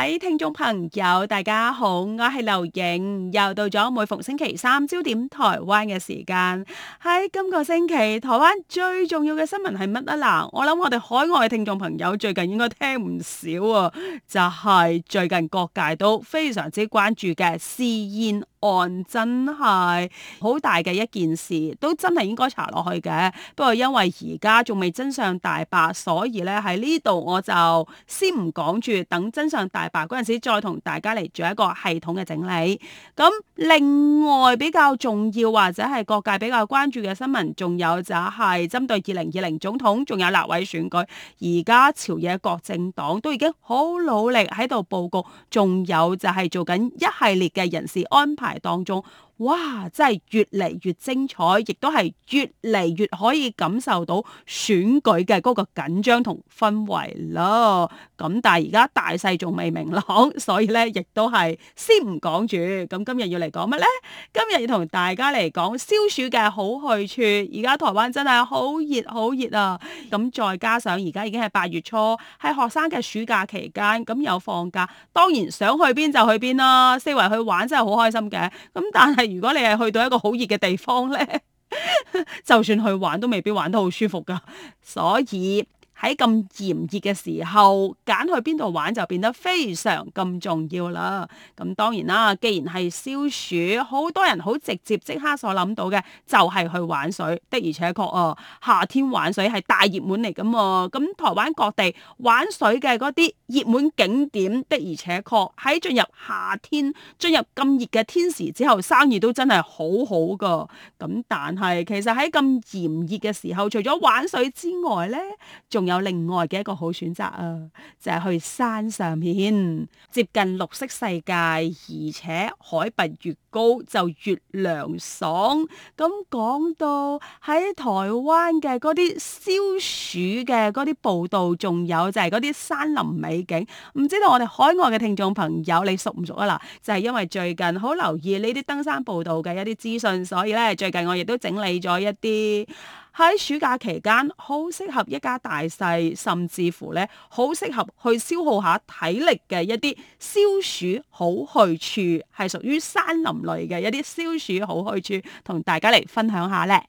各位聽眾朋友，大家好，我係劉穎，又到咗每逢星期三焦點台灣嘅時間。喺、哎、今個星期，台灣最重要嘅新聞係乜啊？嗱，我諗我哋海外嘅聽眾朋友最近應該聽唔少啊，就係、是、最近各界都非常之關注嘅私煙案，真係好大嘅一件事，都真係應該查落去嘅。不過因為而家仲未真相大白，所以咧喺呢度我就先唔講住，等真相大。嗱，嗰陣時再同大家嚟做一個系統嘅整理。咁另外比較重要或者係各界比較關注嘅新聞，仲有就係針對二零二零總統，仲有立委選舉，而家朝野各政黨都已經好努力喺度佈局，仲有就係做緊一系列嘅人事安排當中。哇！真係越嚟越精彩，亦都係越嚟越可以感受到選舉嘅嗰個緊張同氛圍咯。咁但係而家大勢仲未明朗，所以呢，亦都係先唔講住。咁今日要嚟講乜呢？今日要同大家嚟講消暑嘅好去處。而家台灣真係好熱，好熱啊！咁再加上而家已經係八月初，係學生嘅暑假期間，咁有放假，當然想去邊就去邊啦。四圍去玩真係好開心嘅。咁但係，如果你係去到一個好熱嘅地方咧， 就算去玩都未必玩得好舒服噶，所以。喺咁炎熱嘅時候，揀去邊度玩就變得非常咁重要啦。咁當然啦，既然係消暑，好多人好直接即刻所諗到嘅就係去玩水。的而且確哦，夏天玩水係大熱門嚟噶嘛。咁台灣各地玩水嘅嗰啲熱門景點的而且確，喺進入夏天、進入咁熱嘅天時之後生意都真係好好噶。咁但係其實，喺咁炎熱嘅時候，除咗玩水之外咧，仲有另外嘅一個好選擇啊，就係、是、去山上面接近綠色世界，而且海拔越高就越涼爽。咁講到喺台灣嘅嗰啲消暑嘅嗰啲報道，仲有就係嗰啲山林美景，唔知道我哋海外嘅聽眾朋友你熟唔熟啊？嗱，就係、是、因為最近好留意呢啲登山步道嘅一啲資訊，所以呢，最近我亦都整理咗一啲。喺暑假期間，好適合一家大細，甚至乎咧，好適合去消耗下體力嘅一啲消暑好去處，係屬於山林類嘅一啲消暑好去處，同大家嚟分享下咧。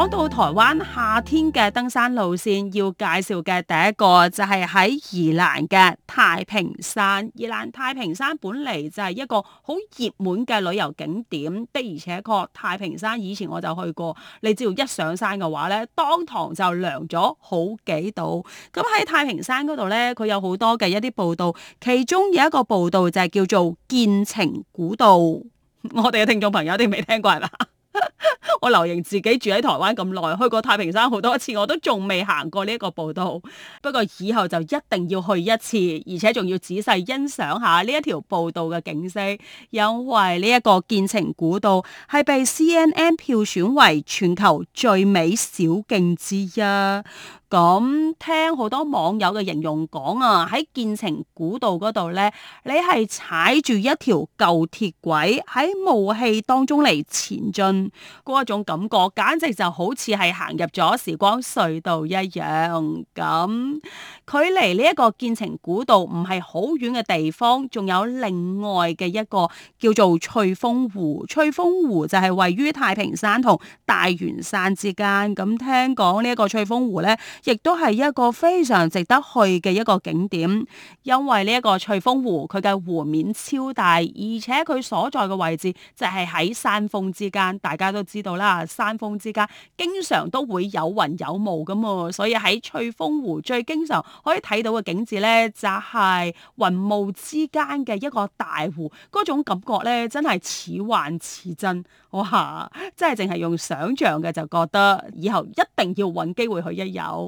講到台灣夏天嘅登山路線，要介紹嘅第一個就係喺宜蘭嘅太平山。宜蘭太平山本嚟就係一個好熱門嘅旅遊景點，的而且確，太平山以前我就去過。你只要一上山嘅話咧，當堂就涼咗好幾度。咁喺太平山嗰度呢，佢有好多嘅一啲步道，其中有一個步道就係叫做建情古道。我哋嘅聽眾朋友一定未聽過係嘛？ 我留意自己住喺台灣咁耐，去過太平山好多次，我都仲未行過呢一個步道。不過以後就一定要去一次，而且仲要仔細欣賞下呢一條步道嘅景色，因為呢一個見晴古道係被 CNN 票選為全球最美小徑之一。咁、嗯、聽好多網友嘅形容講啊，喺見晴古道嗰度呢，你係踩住一條舊鐵軌喺霧氣當中嚟前進，嗰種感覺簡直就好似係行入咗時光隧道一樣。咁、嗯、距離呢一個見晴古道唔係好遠嘅地方，仲有另外嘅一個叫做翠峰湖。翠峰湖就係位於太平山同大元山之間。咁、嗯、聽講呢一個翠峰湖呢。亦都係一個非常值得去嘅一個景點，因為呢一個翠峰湖，佢嘅湖面超大，而且佢所在嘅位置就係喺山峰之間，大家都知道啦，山峰之間經常都會有雲有霧咁喎，所以喺翠峰湖最經常可以睇到嘅景致咧，就係雲霧之間嘅一個大湖，嗰種感覺咧真係似幻似真，哇！真係淨係用想象嘅就覺得，以後一定要揾機會去一遊。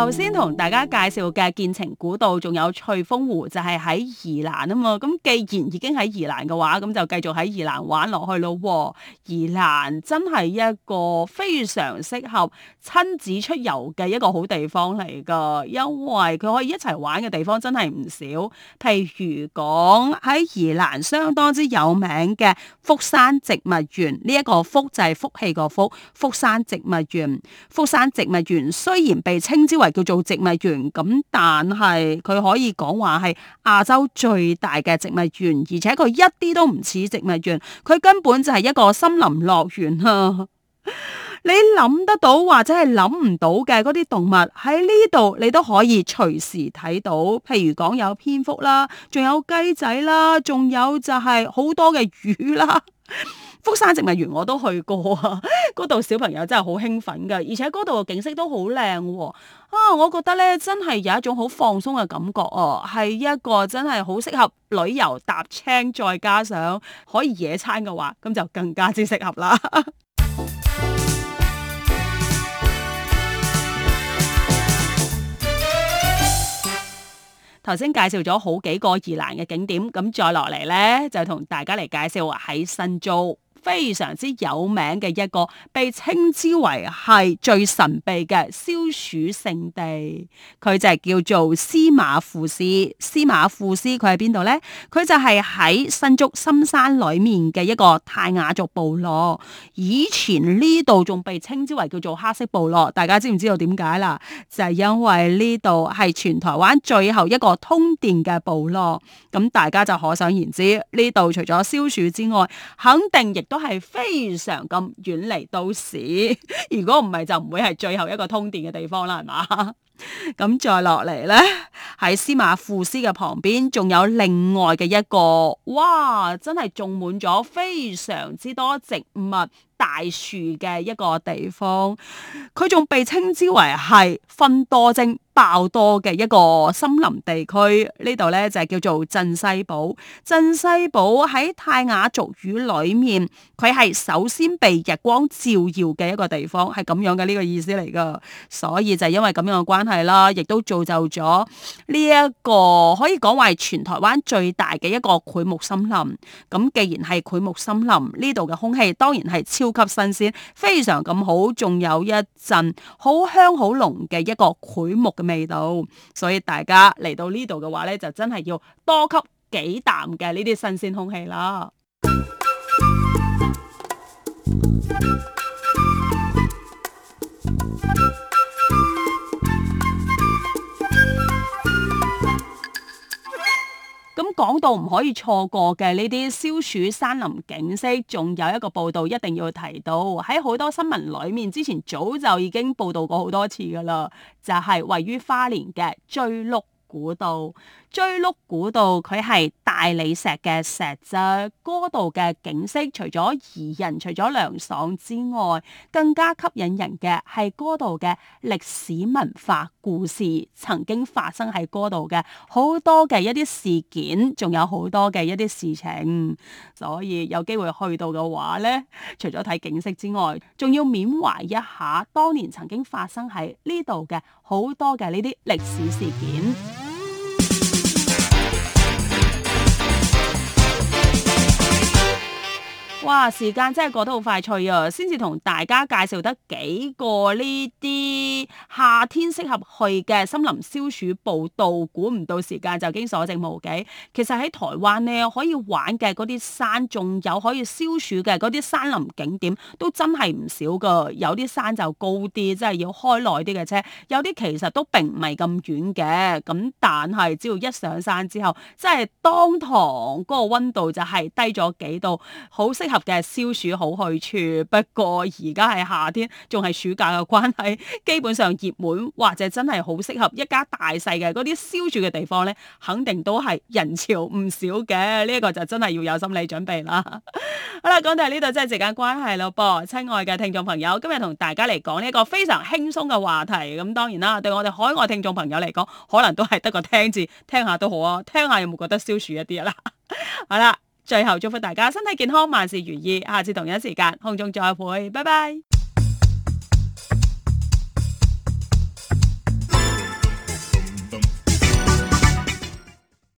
頭先同大家介紹嘅見晴古道，仲有翠峰湖，就係喺宜蘭啊嘛。咁既然已經喺宜蘭嘅話，咁就繼續喺宜蘭玩落去咯。宜蘭真係一個非常適合親子出遊嘅一個好地方嚟噶，因為佢可以一齊玩嘅地方真係唔少。譬如講喺宜蘭相當之有名嘅福山植物園呢一個福就係福氣個福。福山植物園福山植物園雖然被稱之為。叫做植物園，咁但係佢可以講話係亞洲最大嘅植物園，而且佢一啲都唔似植物園，佢根本就係一個森林樂園啊！ 你諗得到或者係諗唔到嘅嗰啲動物喺呢度，你都可以隨時睇到，譬如講有蝙蝠啦，仲有雞仔啦，仲有就係好多嘅魚啦。 福山植物園我都去過啊，嗰 度小朋友真係好興奮嘅，而且嗰度嘅景色都好靚喎。啊，我覺得呢真係有一種好放鬆嘅感覺哦、啊，係一個真係好適合旅遊踏青，再加上可以野餐嘅話，咁就更加之適合啦。頭 先介紹咗好幾個宜蘭嘅景點，咁再落嚟呢，就同大家嚟介紹喺新租。非常之有名嘅一個，被稱之為係最神秘嘅消暑聖地，佢就係叫做司馬庫斯。司馬庫斯佢喺邊度咧？佢就係喺新竹深山裏面嘅一個泰雅族部落。以前呢度仲被稱之為叫做黑色部落，大家知唔知道點解啦？就係、是、因為呢度係全台灣最後一個通電嘅部落。咁大家就可想而知呢度除咗消暑之外，肯定亦都係非常咁遠離都市，如果唔係就唔會係最後一個通電嘅地方啦，係嘛？咁再落嚟呢，喺司馬庫斯嘅旁邊，仲有另外嘅一個，哇！真係種滿咗非常之多植物大樹嘅一個地方。佢仲被稱之為係芬多精爆多嘅一個森林地區。呢度呢，就係叫做鎮西堡。鎮西堡喺泰雅族語裏面，佢係首先被日光照耀嘅一個地方，係咁樣嘅呢個意思嚟噶。所以就因為咁樣嘅關係。係啦，亦都造就咗呢、這個、一個可以講係全台灣最大嘅一個檜木森林。咁既然係檜木森林，呢度嘅空氣當然係超級新鮮，非常咁好，仲有一陣好香好濃嘅一個檜木嘅味道。所以大家嚟到呢度嘅話呢，就真係要多吸幾啖嘅呢啲新鮮空氣啦。 講到唔可以錯過嘅呢啲消暑山林景色，仲有一個報道一定要提到。喺好多新聞裏面，之前早就已經報道過好多次噶啦，就係位於花蓮嘅追鹿古道。追鹿古道，佢係大理石嘅石質。嗰度嘅景色，除咗宜人、除咗涼爽之外，更加吸引人嘅係嗰度嘅歷史文化故事，曾經發生喺嗰度嘅好多嘅一啲事件，仲有好多嘅一啲事情。所以有機會去到嘅話呢，除咗睇景色之外，仲要緬懷一下當年曾經發生喺呢度嘅好多嘅呢啲歷史事件。哇！時間真係過得好快脆啊，先至同大家介紹得幾個呢啲夏天適合去嘅森林消暑步道。估唔到時間就已經所剩無幾，其實喺台灣咧，可以玩嘅啲山，仲有可以消暑嘅啲山林景點都真係唔少噶。有啲山就高啲，即係要開耐啲嘅車，有啲其實都並唔係咁遠嘅。咁但係只要一上山之後，即係當堂個溫度就係低咗幾度，好適合嘅消暑好去處，不過而家係夏天，仲係暑假嘅關係，基本上熱門或者真係好適合一家大細嘅嗰啲消暑嘅地方，呢肯定都係人潮唔少嘅。呢、這、一個就真係要有心理準備啦。 好啦，講到呢度真係時間關係咯，噃，親愛嘅聽眾朋友，今日同大家嚟講呢一個非常輕鬆嘅話題。咁當然啦，對我哋海外聽眾朋友嚟講，可能都係得個聽字，聽下都好啊。聽下有冇覺得消暑一啲啊？啦， 好啦。最後祝福大家身體健康，萬事如意。下次同一時間，空中再會，拜拜。